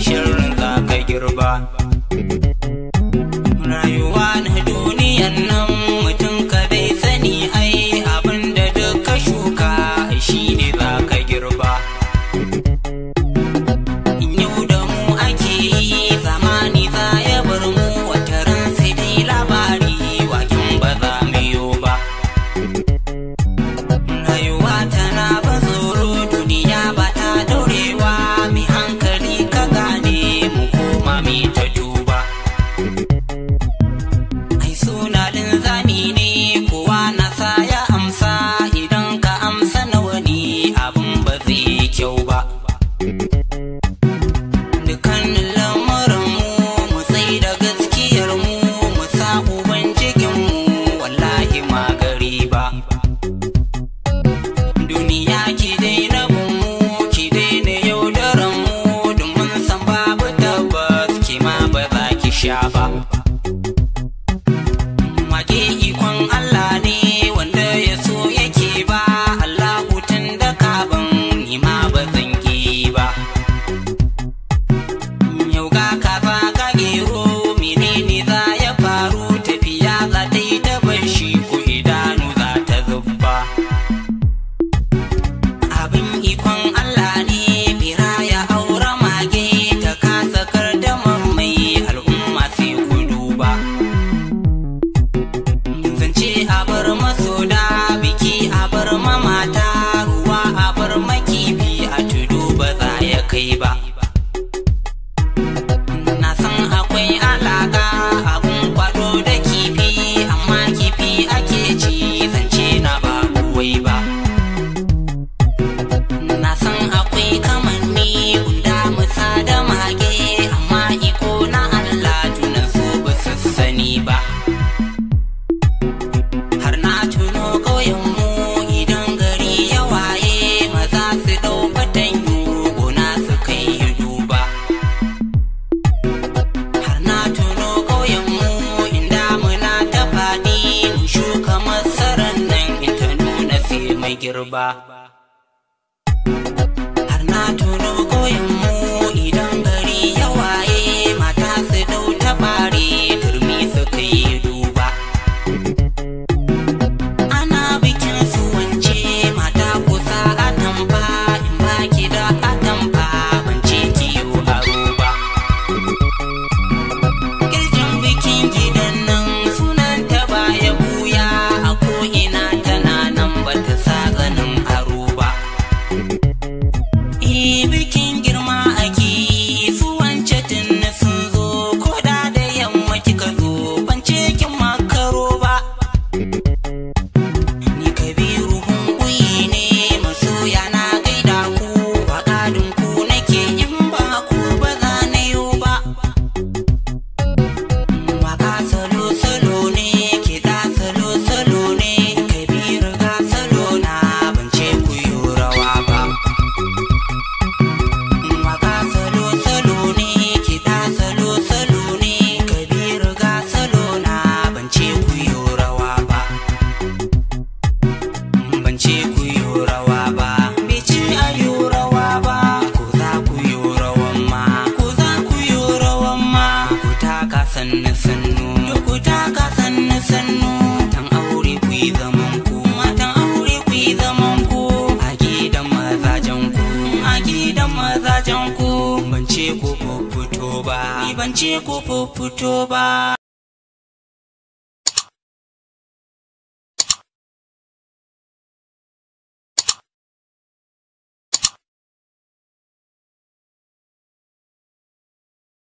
shirin za ka girba rayuwa na duniyan nan gerbah Maza ku ban ce ku fito ba ban ce ku fito ba